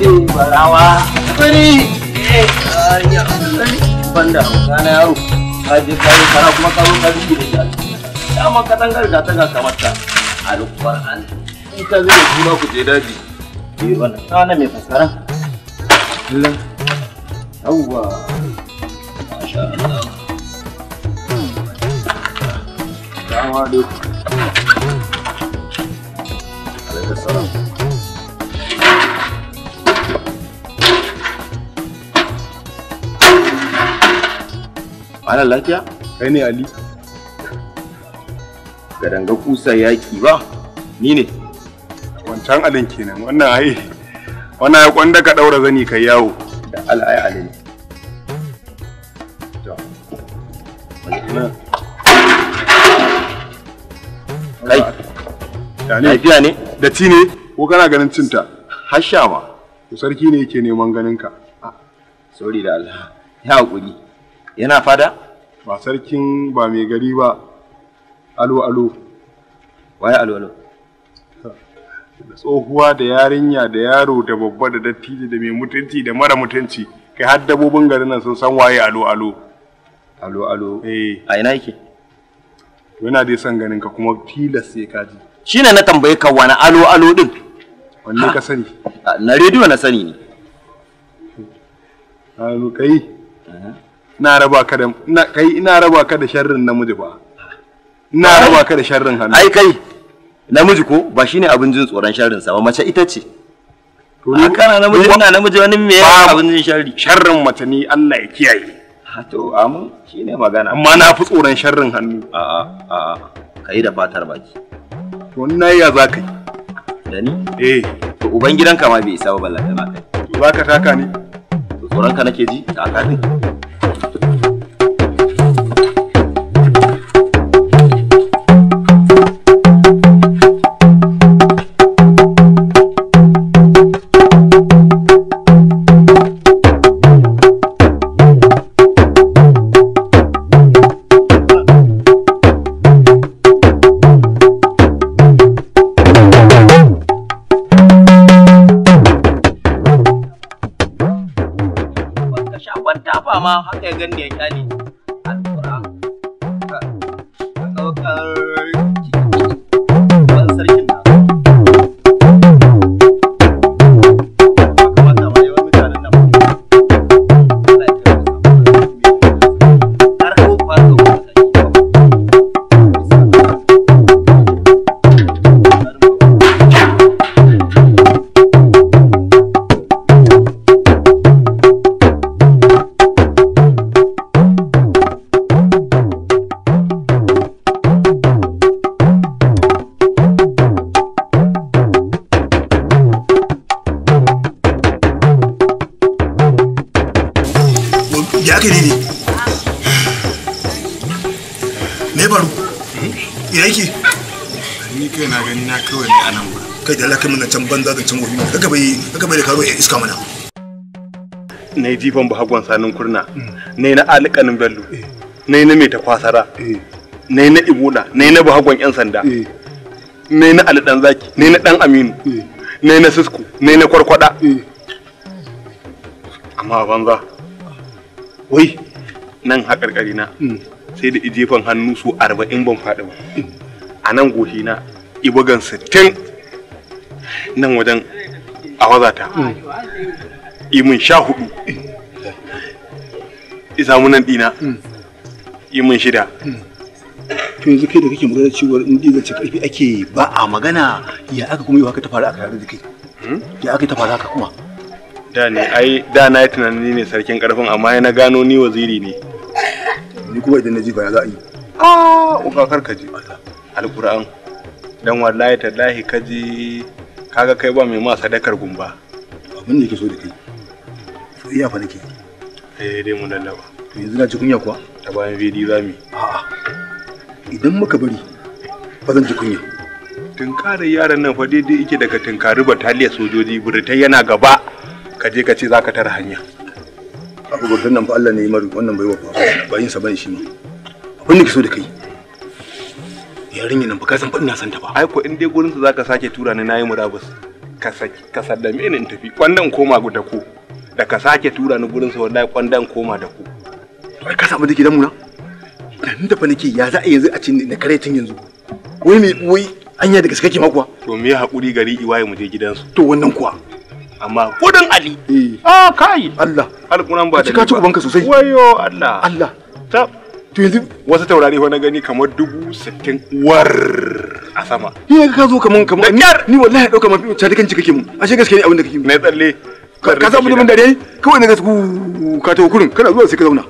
ce barawa kari eh, banda kana yaro ka je ka yi kana kuma ka da shi dama katangar da ta ga ita zai kuma ku je daji mai fasara yawwa masha Allah Ana lafiya? Kai ne Ali. Garanga kusa yaki ba, ni ne. Wancan alin kenan, wannan ai, wannan ai kwanda ka daura zani kai yawo. Da ai alin. Kai, lafiya ne? Da ci ne, ko kana ganin cinta? Hasha ma. Sarki ne yake neman ganinka. Ah, sorry da Allah, ya haƙuri. Yana fada? ba sarkin ba mai gari ba alo alo waye alo alo da tsohuwa da yarinya da yaro da babba da dattijo da mai mutunci da mara mutunci kai har dabobin garin nan sun san waye alo alo alo alo eh. a ina yake to yana dai son ganin ka kuma tilas sai ka ji shine na tambaye ka wani alo alo din wanne ka sani na rediyo na sani ne alo kai na raba ka da na kai ina raba ka da sharrin namiji ba ina raba ka da sharrin hannu ai kai namiji ko ba shine abin jin tsoron sharrin sa ba mace ita ce to ni kana namiji ina namiji wani me ya abin jin sharri sharrin mace ni Allah ya kiyaye ha to amma shine magana amma na fi tsoron sharrin hannu a a a kai da fatar baki to wannan ya za ka da ni eh to uban gidanka ma bai isa ba ballan na kai ka taka ni to tsoron ka nake ji taka ni Thank you. ma haka ya gani ya kyale ya aka ne ne baro ya yake ni kai na gani na kawai ne anan ba kai da alakai mana can banza da can wofi kaka bai kaka bai da karo ya iska mana na jifan ba hagwan sanin kurna mm. na na alƙanin bello eh. na na mai ta kwasara yi eh. na ibola na eh. na ba hagwan yan sanda na na alidan zaki na na dan aminu na na sisko na na kwarkwada amma banza wai nan haƙarƙari na hmm. sai da ijefan hannu su arba'in ban faɗi ba a nan goshi na ibugan sittin nan wajen awazata hmm. imin sha hudu isa munan dina imin shida hmm. tun yanzu kai da kake magana cewar in diga ce karfi ake ba a magana ya aka kuma yi haka ta faru a kare da kai ya aka ta faru haka kuma da ne ai da na yi tunani ne sarkin karfin amma na gano ni waziri ne ni kuma idan na ji ba za a yi ah uka karka ji alquran dan wallahi tallahi kaji kaga kai ba mai ma sadakar gumba abin da yake so da kai so iya fa nake eh dai mu lallaba to yanzu na ji kunya kuwa ta bayan mu a a'a idan muka bari ba zan ji kunya tunkarin yaran nan fa daidai yake daga tunkari bataliya sojoji burtai yana gaba ka je ka ce za ka tara hanya abu gurdun nan fa Allah ne yi mari wannan bai wafa ba yin sa bane shi ma abin da ke so da kai yarinya nan ba ka san fa ina san ta ba ai ko in dai gurin sa zaka sake tura ni nayi murabus ka saki ka sallame ni in tafi kwandan koma da ko. da ka sake tura ni gurin sa wallahi kwandan koma da ku ai ka samu dake mu na nan da fa nake ya za a yanzu a cin na tin yanzu wai me wai anya daga gaske kake kuwa to me hakuri gari iwaye mu je gidansu to wannan kuwa amma gudun ali eh. Ah kai Allah alƙuran ba da ka ci ubanka sosai wayo Allah Allah ta to yanzu wasu taurari na gani kamar dubu sittin war a sama ni ka zo kamar kamar ni wallahi dauka mafi cadikanci kake mu ashe gaske ne abin da kake mu na tsalle ka samu da dare kawai na ga ka ta kurin kana zuwa sai ka zauna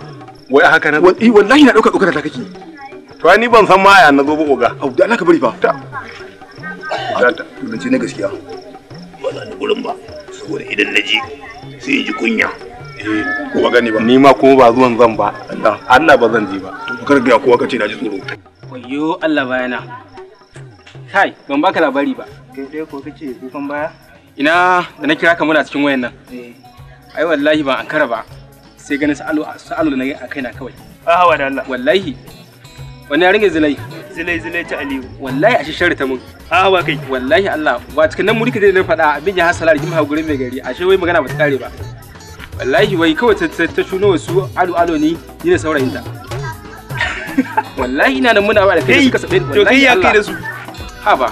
wai haka na eh, wallahi na dauka dokar ta kake to ni ban san ma ya na zo ba oga au da Allah ka bari fa ta ta na gaskiya ba za ni gurin ba da idan na je sai in ji kunya ba eh, gani ba ni ma kuma ba zuwan zan ba dan Allah ba zan je ba to kar ga kowa kace na ji tsoro wayyo Allah bayana kai ban baka labari ba kai dai ko kace kukan baya ina da na kira ka muna cikin wayan nan eh. ai wallahi an kara ba sai ganin sa'alu sa'alu na a kaina kawai a hawa da Allah wallahi wani ya ringe zinai zile zile ta aliyu wallahi a shishar ta mun a ba kai wallahi Allah ba cikin nan muri ka dai na faɗa abin ya hasala rigim ha gurin mai gari a wai magana ba ta kare ba wallahi wai kawai ta ta shuno su alo-alo ni ni da saurayin ta wallahi ina nan muna ba da kai suka sabai to kai ya kai da su ha ba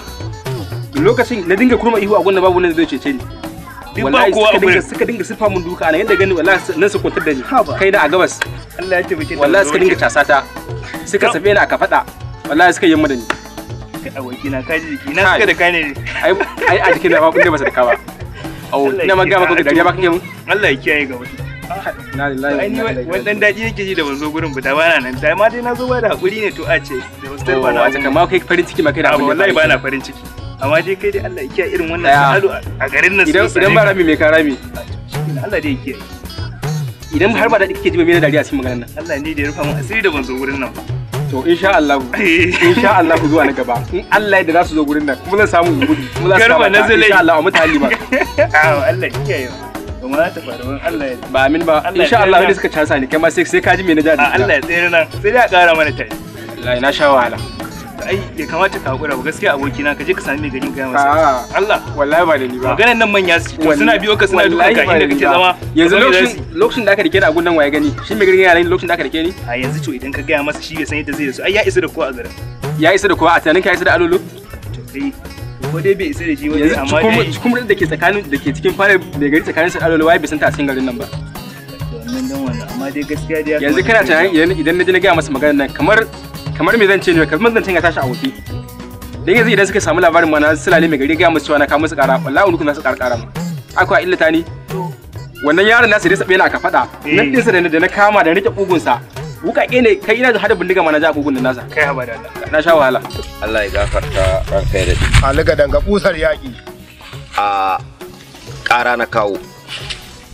lokacin na dinga kurma ihu a gunda babu wanda zai cece ni wallahi suka dinga suka dinga sifa mun duka nan yadda gani wallahi nan su kuntar da ni kai na a gabas Allah ya tabbata wallahi suka dinga casata suka sabe ni aka faɗa wallahi suka yi yamma da ni ka aboki na kaji jiki na suka da ne ai ai a jikin na kun da ba au ina ma ga maka dariya ba kake mun Allah ya kiyaye ga wasu na lillahi wannan daji yake ji da ban zo gurin ba da bana nan da ma dai na zo ba da hakuri ne to a ce da wasu ba na a kamar kai farin ciki ma kai da abin wallahi bana farin ciki amma dai kai dai Allah ya kiyaye irin wannan halu a garin nan idan idan ba rami mai ka rami Allah dai ya kiyaye idan har ba da kike ji ba me da dariya cikin magana nan Allah ne da ya rufa mu asiri da ban zo gurin nan ba to insha Allah insha Allah zuwa na gaba in Allah yadda zasu zo gurin nan kuma zan samu gudu kuma zan samu insha Allah a mutu halima awo Allah kiyaye kuma ta faru Allah ya ba amin ba insha Allah wani suka casa ni kai ma sai ka ji me na jadi Allah ya tsere nan sai dai a kara mana tai wallahi na sha wahala ai bai kamata ka hakura ba gaskiya abokina ka je ka sami mai garin gaya masa Allah wallahi ba da ni ba maganar nan manya su to suna biyo ka suna duka ka inda kake zama yanzu lokacin lokacin da aka dake da agun nan waye gani shi mai garin yana lokacin da aka dake ni a yanzu to idan ka gaya masa shi bai san yadda zai yi su ai ya isa da kowa a garin ya isa da kowa a tunanin ka isa da alolo to kai ko dai bai isa da shi wani amma dai cikin da ke tsakanin da ke cikin fara mai gari tsakanin su alolo waye bai san ta a cikin garin nan ba yanzu kana tunanin idan na je na gaya masa maganar nan kamar kamar me zan ce ne kamar zan tanga tashi a wofi dan yanzu idan suka samu labarin mana sulale mai gari ga musu cewa na kawo musu ƙara wallahi unuku na su ƙara mu akwai illata ni wannan yaron nasu dai sabe eh. na ka faɗa nan sa da na kama da rike ƙugunsa wukake ne kai ina da hada bindiga mana ja kogun nasa kai haba da Allah na sha wahala Allah ya gafarta ran kai da a liga danga kusar yaki a ƙara na kawo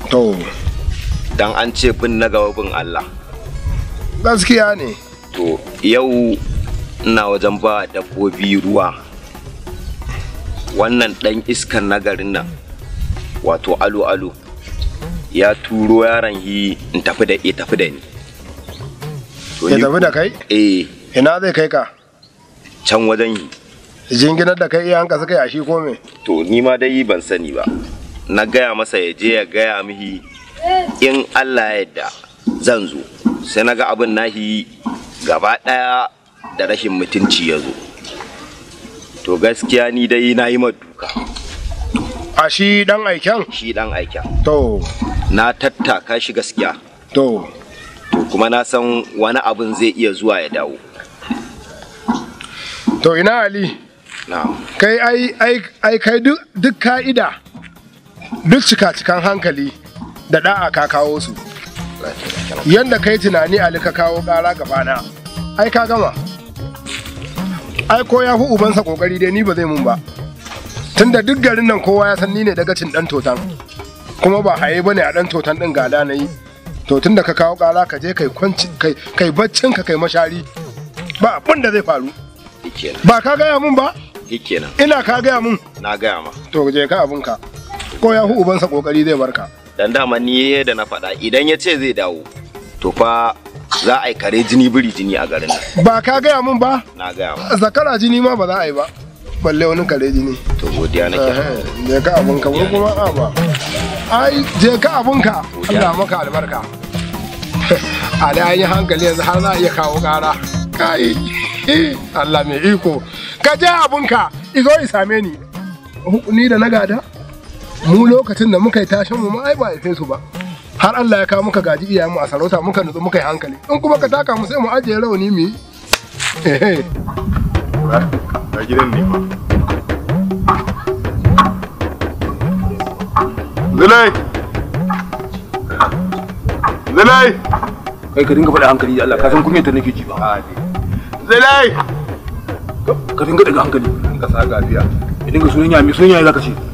to dan an ce bin na gaba bin Allah gaskiya ne to yau ina wajen ba dabbobi ruwa wannan dan iskan na garin nan wato alo alo ya turo yaron hi in tafi da tafi da ni ya tafi da kai eh ina zai kai ka can wajen yi jinginar da kai ka suka yashi ko me to ni ma dai ban sani ba na gaya masa ya je ya gaya mihi in Allah ya yarda zan zo sai na ga abin nahi gaba ɗaya da rashin mutunci ya zo to gaskiya ni dai na yi duka a shi dan aiken shi dan aiken to na tattaka shi gaskiya to to kuma na san wani abin zai iya zuwa ya dawo to ina ali kai ai ai kai duk ka'ida duk cika-cikan hankali da da'a ka kawo su yadda kai tunani ali ka kawo ƙara gabana ai ka gama ai ko ya fi ubansa kokari dai ni ba zai mun ba tunda duk garin nan kowa ya san ni ne dagacin dan totan kuma ba haye bane a dan totan din gada na yi to tunda ka kawo ƙara ka je kai kwanci kai kai baccin ka kai mashari ba abin da zai faru ba ka gaya mun ba ina ka gaya mun na gaya ma to je ka abun ka ko ya hu ubansa kokari zai barka dan dama ni da na faɗa idan ya ce zai dawo to fa za a yi kare jini biri jini a garin nan ba ka gaya min ba na gaya ma zakara jini ma ba za a yi ba balle wani kare jini to godiya nake eh, je ka abun ka kuma a ba ai je ka abun ka Allah maka albarka a da an yi hankali yanzu har za a iya kawo kara. kai Allah mai iko ka je abun ka izo i same ni ni da na gada mu lokacin da muka yi tashin mu ai ba haife su ba har Allah ya kawo muka gaji iyayen mu a sarauta muka nutsu muka yi hankali in kuma ka taka mu sai mu ajiye rauni mu yi ga gidan ne ma Zulai Zulai kai ka dinga faɗa hankali da Allah ka san kunya ta nake ji ba Zulai ka dinga daga hankali ka sa gafiya idan ka sunan yami sunan yami zaka ce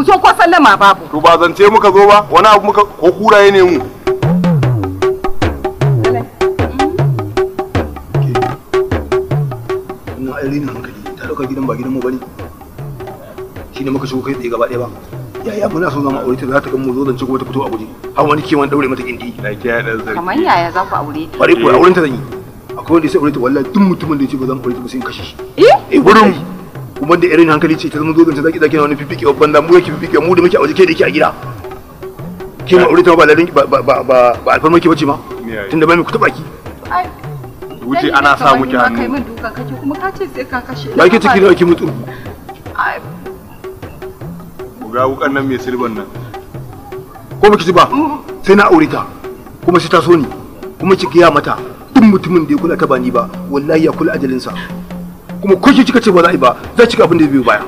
kusan ko ma babu to ba zance muka zo ba wani abu muka ko kura ya mu wannan ayyari na hankali ta dauka gidan ba gidan mu bane muka shigo kai tsaye gaba ɗaya ba yaya muna son zama aure ta za ta gan mu zo zance ko ta fito a guje har wani kewan ɗaure mata gindi na kiya dan kamar yaya za ku aure ta ku auren ta zan yi akwai wanda sai aure ta wallahi duk mutumin da ya ce ba zan aure ta ba sai in kashe shi eh, eh wurin kuma da irin hankali ce ta zama zo zance zaki zaki na wani fifike babban da mu yake fifike mu da muke a waje ke da yake a gida ke ma aure ta ba ladan ba ba ba ba alfarma ke bace ma tunda bai mai kuta baki wuce ana sa muke hannu kai min duka kake kuma ka ce sai ka kashe ba ke ciki da ake mutu ga wukan nan mai silban nan ko baki ci ba sai na aure ta kuma sai ta so ni kuma ki gaya mata duk mutumin da ya kula ta ba ni ba wallahi ya kula ajalinsa kuma ko shi kika ce ba za a yi ba za cika abin da zai biyo baya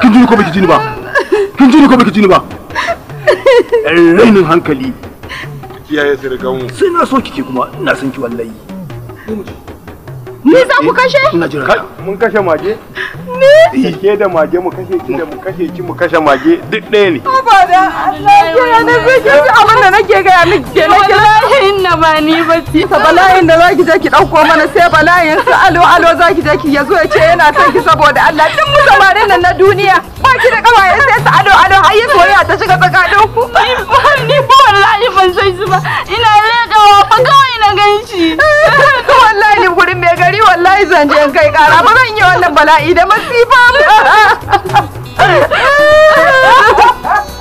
kin ji ko baki ji ni ba kin ji ko baki ji ni ba rainin hankali kiyaye sirgan mu sai na so kike kuma ina son ki wallahi Ni za ku kashe? Eh, ina jira. Mun kashe mage? Ni? Eh, ke da mage mu kashe ki da mu kashe ki mu kashe mage duk ɗaya ne. Ba da Allah ke ya na zai ke abin da nake ga ya miki ke nake bala'in na ba ni ba ci. Ta bala'in da zaki je ki dauko mana sai bala'in su alo alo zaki je ki yazo ya ce yana son ki saboda Allah duk mu samarin nan na duniya. Ba ki da kawaye sai su alo alo har yi soyayya ta shiga tsakanin ku. Ni ba wallahi ban san su ba. Ina rekawa ba kawai na ganshi. Wallahi gurin mai gani. gari wallahi zan je kai kara ba zan yi wannan bala'i da masifa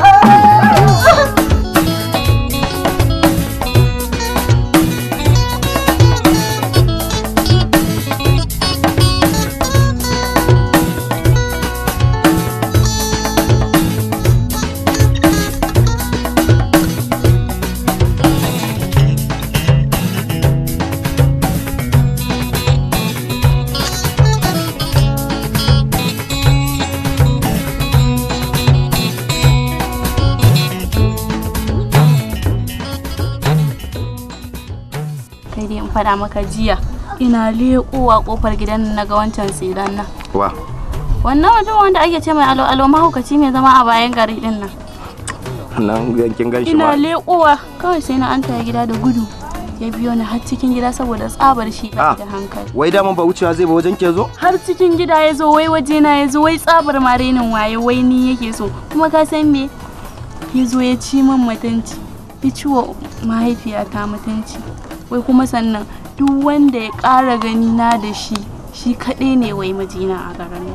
faɗa maka jiya ina leƙowa kofar gidan na ga wancan tsiran nan wa wannan wajen wanda ake ce mai alo alo mahaukaci mai zama a bayan gari din nan nan yankin ganshi ina leƙowa kawai sai na an taya gida da gudu ya biyo ni har cikin gida saboda tsabar shi ah, da hankali wai daman ba wucewa zai ba wajen ke zo har cikin gida ya zo wai waje na ya zo wai tsabar marenin waye wai ni yake so kuma ka san me ya zo ya ci min mutunci ya mahaifiya mahaifiyata mutunci wai kuma sannan duk wanda ya ƙara gani na da shi shi kaɗai ne wai majina a garin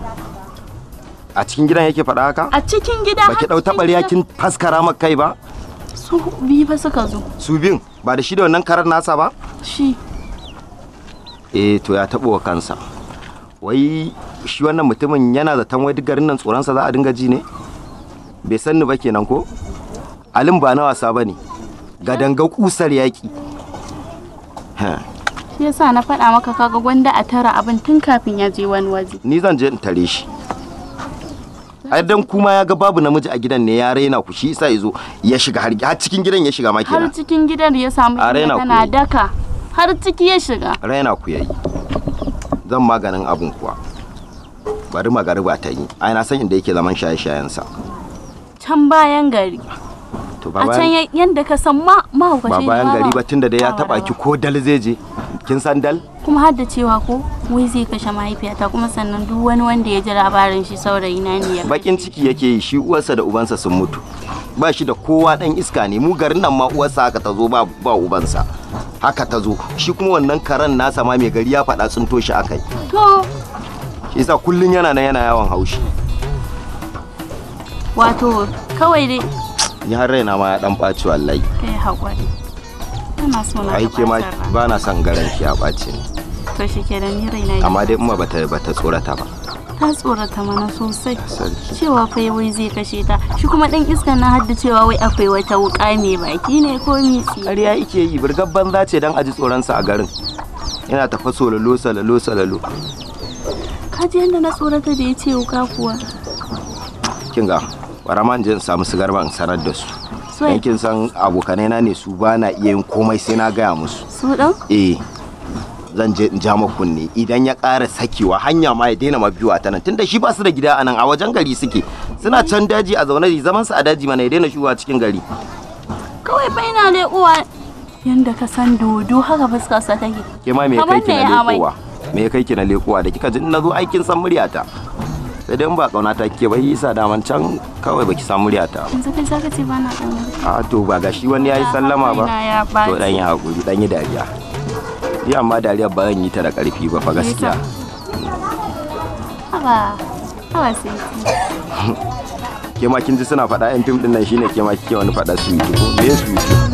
a cikin gidan yake faɗa haka a cikin gida ba ki ɗau taɓarya kin faskara maka kai ba su biyu fa suka zo su bin ba da shi da wannan karar nasa ba shi eh to ya taɓo wa kansa wai shi wannan mutumin yana zaton wai duk garin nan tsoronsa za a dinga ji ne bai san ni ba kenan ko alin ba na wasa ba ne ga dangau kusar yaƙi shi yasa na faɗa maka kaga gwanda a tara abin tun kafin ya je wani waje ni zan je in tare shi ai dan kuma ya ga babu namiji a gidan ne ya raina ku shi yasa yazo ya shiga har cikin gidan ya shiga ma kenan har cikin gidan ya samu tana daka har ciki ya shiga raina ku yayi zan maganin abun kuwa bari magariba ta yi ai na san inda yake zaman shaye-shayensa can bayan gari a can yanda ka san ma ma ku ba bayan gari ba tunda da ya taba ki ko dal zai je kin san dal kuma har da cewa ko wai zai kashe mahaifiyata kuma sannan duk wani wanda ya ji labarin shi saurayi na ne ya bakin ciki yake yi shi uwarsa da ubansa sun mutu ba shi da kowa dan iska ne mu garin nan ma uwarsa haka ta ba ba ubansa haka ta shi kuma wannan karen nasa ma mai gari ya faɗa tsinto shi akai to isa kullun yana nan yana yawan haushi wato kawai dai ni har raina ma ya dan ɓaci wallahi kai ina so na ai ke ma ba na son garan shi ya ɓaci ne to shi ke da ni raina amma dai umma bata bata tsorata ba ta tsorata mana sosai cewa fa wai zai kashe ta shi kuma dan iskan na hadda cewa wai akwai wata wuka mai baki ne ko mitsi ƙarya ike yi burgar banza ce dan aji tsoronsa a garin yana tafa sololo salalo salalo ka ji yadda na tsorata da ya ce wuka kuwa ga ƙwarama jin in samu su in sanar da su yankin san abokanai na ne su ba na iya yin komai sai na gaya musu su ɗan eh zan je in ja kunne idan ya ƙara sakewa hanya ma ya daina mabiwa ta nan tunda shi ba su da gida a nan a wajen gari suke suna can daji a zaune zaman su a daji mana ya daina shigowa cikin gari kawai bai na uwa yanda ka san dodo haka fuskar sa take ke ma me kai ki na lekuwa me kai ki na lekuwa da kika ji na zo aikin san muryata sai dai ba kauna ta ke ba yasa daman can kawai baki samu riyata ba yanzu zaka ce ba na kauna a ah, to ba ga shi wani yayi sallama ba to dan ya hakuri dan yi dariya yi amma dariya ba zan yi ta da karfi ba fa gaskiya haba sai ke ma kin ji suna faɗa yan fim din nan shine ke ma kike wani faɗa su yi ko me su yi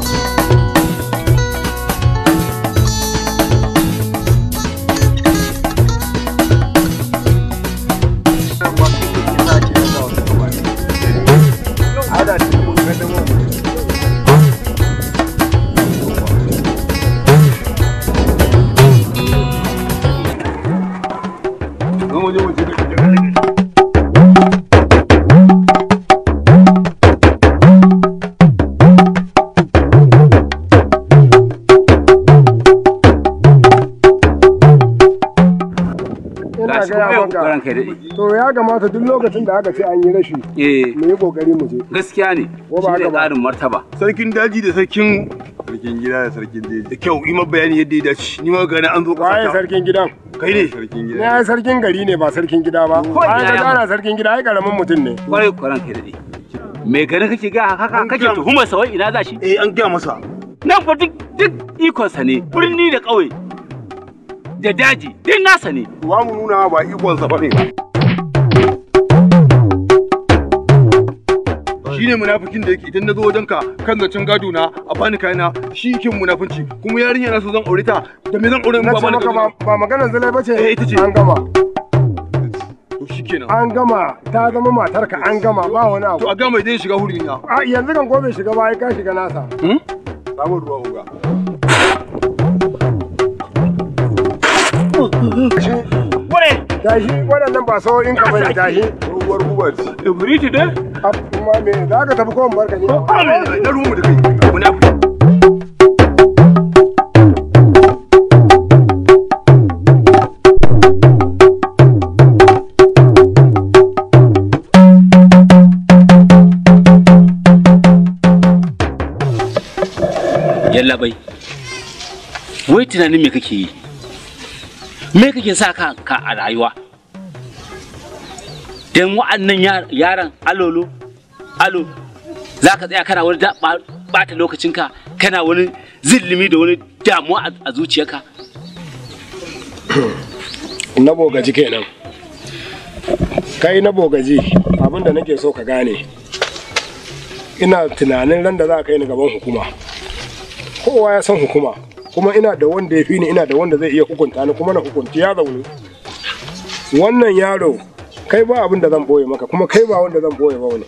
ranka ya daɗe. To ya kamata duk lokacin da aka ce an yi rashi. Eh. Mu yi kokari mu je. Gaskiya ne. Shi ne tsarin martaba. Sarkin daji da sarkin sarkin gida da sarkin daji. Da kyau yi bayani yadda ya dace. Ni ma gani an zo kasa. Waye sarkin gidan? Kai ne. Sarkin gida. Ya sarkin gari ne ba sarkin gida ba. Ai ka tsara sarkin gida ai karamin mutum ne. Kwarai kwaran ka daɗe. Me gani kake ga haka kake tuhumar sa wai ina za shi? Eh an gaya masa. Nan fa duk duk ikonsa ne. Birni da ƙauye. da daji duk nasa ne. Wa mu nuna ba ikonsa sa bane ba. Shi ne munafikin da yake idan na zo ka kan zancen gado na a bani kayana shi yake munafunci kuma yarinya na so zan aure ta da me zan aure in ba bani kayana. Ba maganar zalai bace. Eh ita ce. An gama. An gama ta zama matarka an gama ba wani abu. To a gama idan shiga hurin ya. A yanzu kan ko bai shiga ba ai ka shiga nasa. Hmm? Samun ruwa uga. Tashi waɗannan ba sau'in ka bane tashi. Ruwar ruwa ce. Ibriti dai? Amma me za ka tafi kowane barka ne? Ba da kai. Muna wai tunanin me kake yi? me kake sa ka a rayuwa dan wa'annan yaran alolo alo za ka tsaya kana wani bata ka kana wani zillimi da wani damuwa a zuciyarka na bogaji kenan kai na bogaji abinda nake so ka gane ina tunanin ran da za ka yi ni gaban hukuma kowa ya san hukuma kuma ina da wanda ya fi ni ina da wanda zai iya hukunta ni kuma na hukunci ya zaune wannan yaro kai ba abin da zan boye maka kuma kai ba wanda zan boye ba wani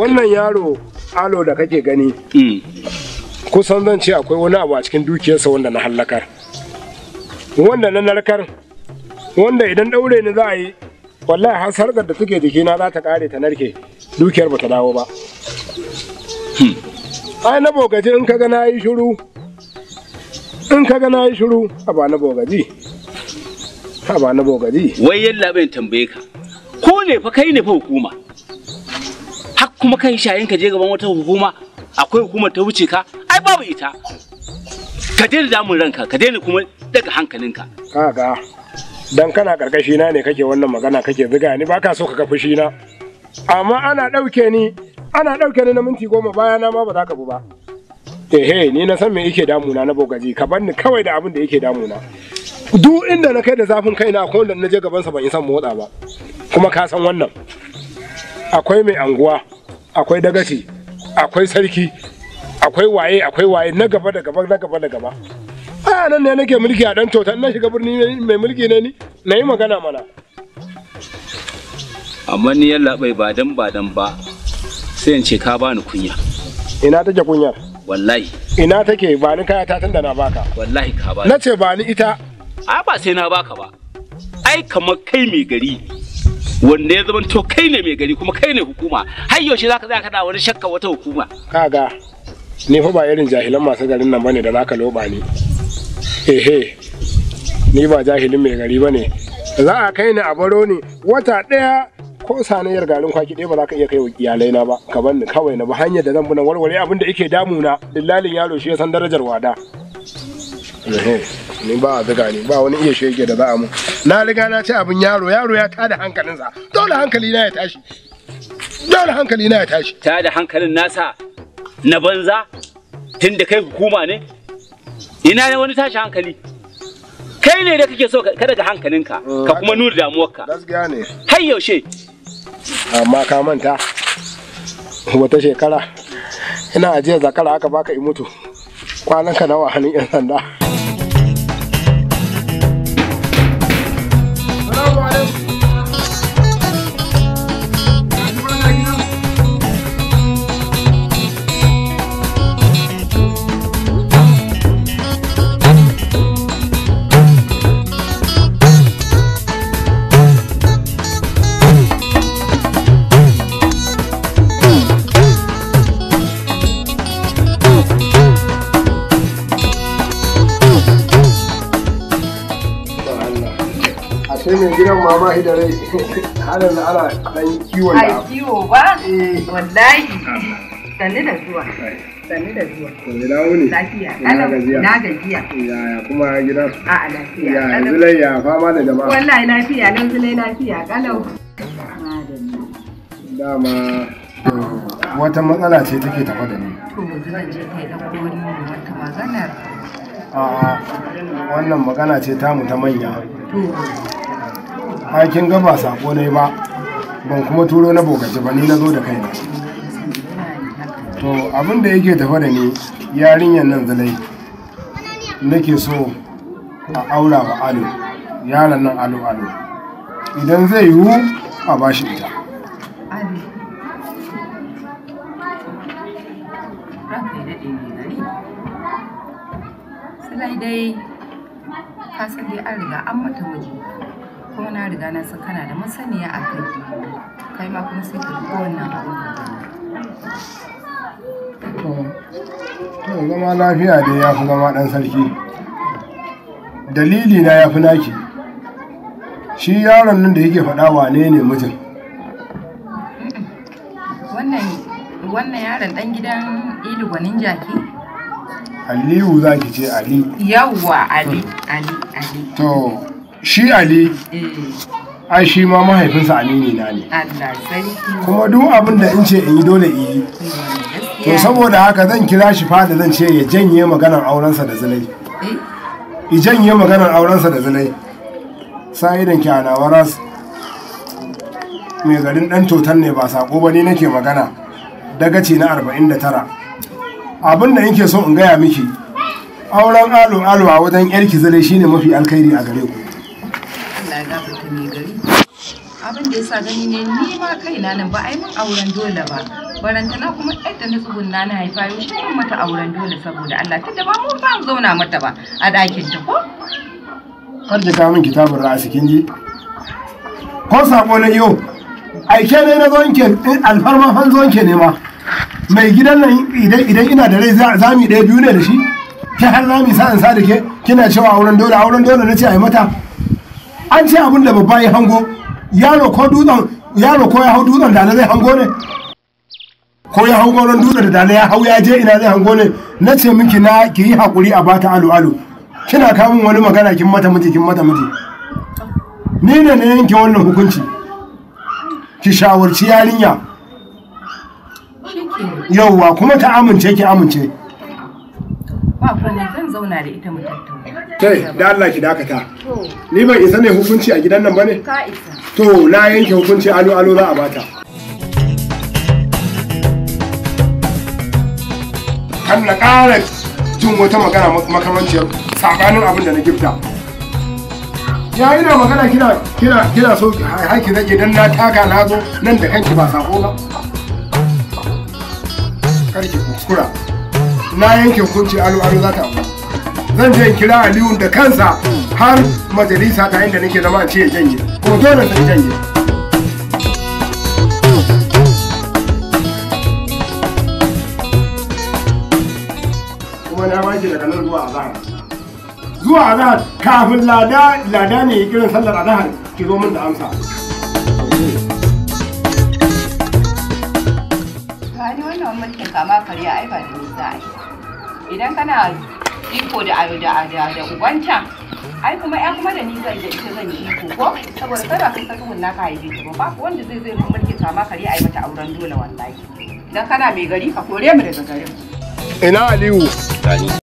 wannan yaro alo da kake gani mm. kusan zan ce akwai wani abu a cikin dukiyarsa wanda na hallakar wanda na narkar wanda idan daure ni za a yi wallahi har sargar da take jikina za ta kare ta narke dukiyar ba ta dawo ba hmm. ai na bogaji in ka ga na shiru in kaga na yi shiru a ba bogaji a ba bogaji wai yalla bai tambaye ka ko ne fa kai ne fa hukuma har kuma kai shayin ka je gaban wata hukuma akwai hukuma ta wuce ka ai babu ita ka daina damun ranka ka daina kuma daga hankalinka kaga dan kana karkashi na ne kake wannan magana kake ziga ni baka so ka kafi shi na amma ana dauke ni ana dauke ni na minti goma bayana ma ba za ka bu ba ehe ni na san me yake damuna na bogaji ka banni kawai da abin da yake damuna duk inda na kai da zafin kaina ko da na je gabansa ban yi san motsa ba kuma ka san wannan akwai mai anguwa akwai dagaci akwai sarki akwai waye akwai waye na gaba da gaba na gaba da gaba a nan ne nake mulki a dan tota na shiga birni mai mulki ne ni na yi magana mana amma ni yalla bai ba dan ba dan ba sai in ce ka bani kunya ina take kunyar wallahi ina take ba ni kaya ta tunda na baka wallahi ka ba na ce ba ni ita a ba sai na baka ba ai kamar kai mai gari wanda ya zama kai ne mai gari kuma kai ne hukuma har yaushe zaka zaka da wani shakka wata hukuma kaga ni fa ba irin jahilan masu garin nan bane da zaka loba ni ehe ni ba jahilin mai gari bane za a kai ni a baro ni wata daya. ko sanayar garin kwaki ɗaya ba za ka iya kai wa iyalai na ba ka bar ni kawai na ba hanyar da zan bi na warware abin da yake damuna dillalin yaro shi ya san darajar wada ni ba a ni ba wani iya shege da za a mu na riga na ci abin yaro yaro ya tada hankalinsa dole hankali na ya tashi dole hankali na ya tashi tada hankalin nasa na banza tun da kai hukuma ne ina ne wani tashi hankali kai ne da kake so ka daga hankalinka ka eh, kuma nuna damuwarka gaskiya ne har yaushe amma ka manta wata shekara ina ajiyar zakara aka baka imutu kwanan ka nawa hannun yan sanda ba shi da rai ana da kiwo ba eh. wallahi sanni da da zuwa lafiya na gajiya yaya kuma gida yaya fama da jama'a wallahi lafiya nan zulai lafiya kalau dama eh, wata matsala ce take tafa da ni a'a wannan magana ce tamu ta manya ai kin ga ba sako ne ba ban kuma turo na bokaci ba ni na zo da kaina to abin da yake tafa da ni yarinyar nan zalai nake so a aura wa alo yaran nan alo alo idan zai yiwu a bashi ita sai dai ka san dai an riga an mata miji Ko na riga na san kana da masaniya a kai kai ma kuma sai ka ko wannan abu to zama lafiya dai ya fi zama ɗan sarki dalili na ya fi naki shi yaron nan da yake faɗa wane ne mijin wannan yaron ɗan gidan ilu gwanin jaki aliyu za ki ce ali yawwa ali ali ali to shi ali mm. ai shi ma mahaifinsa amini na ne kuma duk abin da in ce in yi dole yi to mm, saboda haka zan kira shi fada zan ce ya janye maganar aurensa da zulai eh? ya janye maganar aurensa da zulai sa'idan ki ana waras mai garin dan totan ne ba sako ba ni nake magana dagaci na 49 abin da yake so in gaya miki auren alo alo a wajen yarki zulai shine mafi alkhairi a gare ku tsada ya gafarta mai gari abin da yasa gani ne ni ma kaina nan ba ai mun auren dole ba barantana kuma yadda na tsugunna na haifa yau shi yin mata auren dole saboda Allah tunda ba mun ba zauna mata ba a ɗakin ta ko kar ki kawo min kitabin ra'asi kin ji ko sako na yau aike ne na zo nke eh, alfarma fan zo ne ma mai gidan nan idan ina da rai za mu ɗaya biyu ne da shi ke har za mu sa in sa da ke kina cewa auren dole auren dole na ce a yi mata an ce abin da babba ya hango yaro ko dutsen yaro ko ya hau dutsen da zai hango ne ko ya hau goron dutsen da dana ya hau ya je ina zai hango ne na ce miki na ki yi hakuri a bata alu alu kina kamun wani magana kin mata miji kin mata miji ni ne na yanke wannan hukunci ki shawarci yarinya yauwa kuma ta amince ki amince ba kuma zan zauna da ita mutum kai da Allah ki dakata ni ban isa ne hukunci a gidan nan bane ka isa to na yanke hukunci alo alo za a bata kan na ƙara jin wata magana makamanciyar sabanin abin da na gifta ya ina magana kina kina kina so haki zage dan na taka na zo nan da kanki ba sako ba karki kuskura na yanke hukunci alo alo za ta abu zan je kira aliyu da kansa har majalisa ta inda nake zama ce ya janye kuma dole sai janye kuma na maki daga nan zuwa azahar zuwa azahar kafin lada lada ne kiran sallar azahar ki zo min da amsa Ba ni wannan mulkin kama karya ai ba da za a yi. Idan kana iko da ado da da ubanta ai kuma ya kuma da ni zan yi ita zan yi iko ko saboda kai ka kai ka haife ta ba wanda zai zai mulki ta ma kare ai mata auren dole wallahi dan kana mai gari ka kore mu daga garin ina aliyu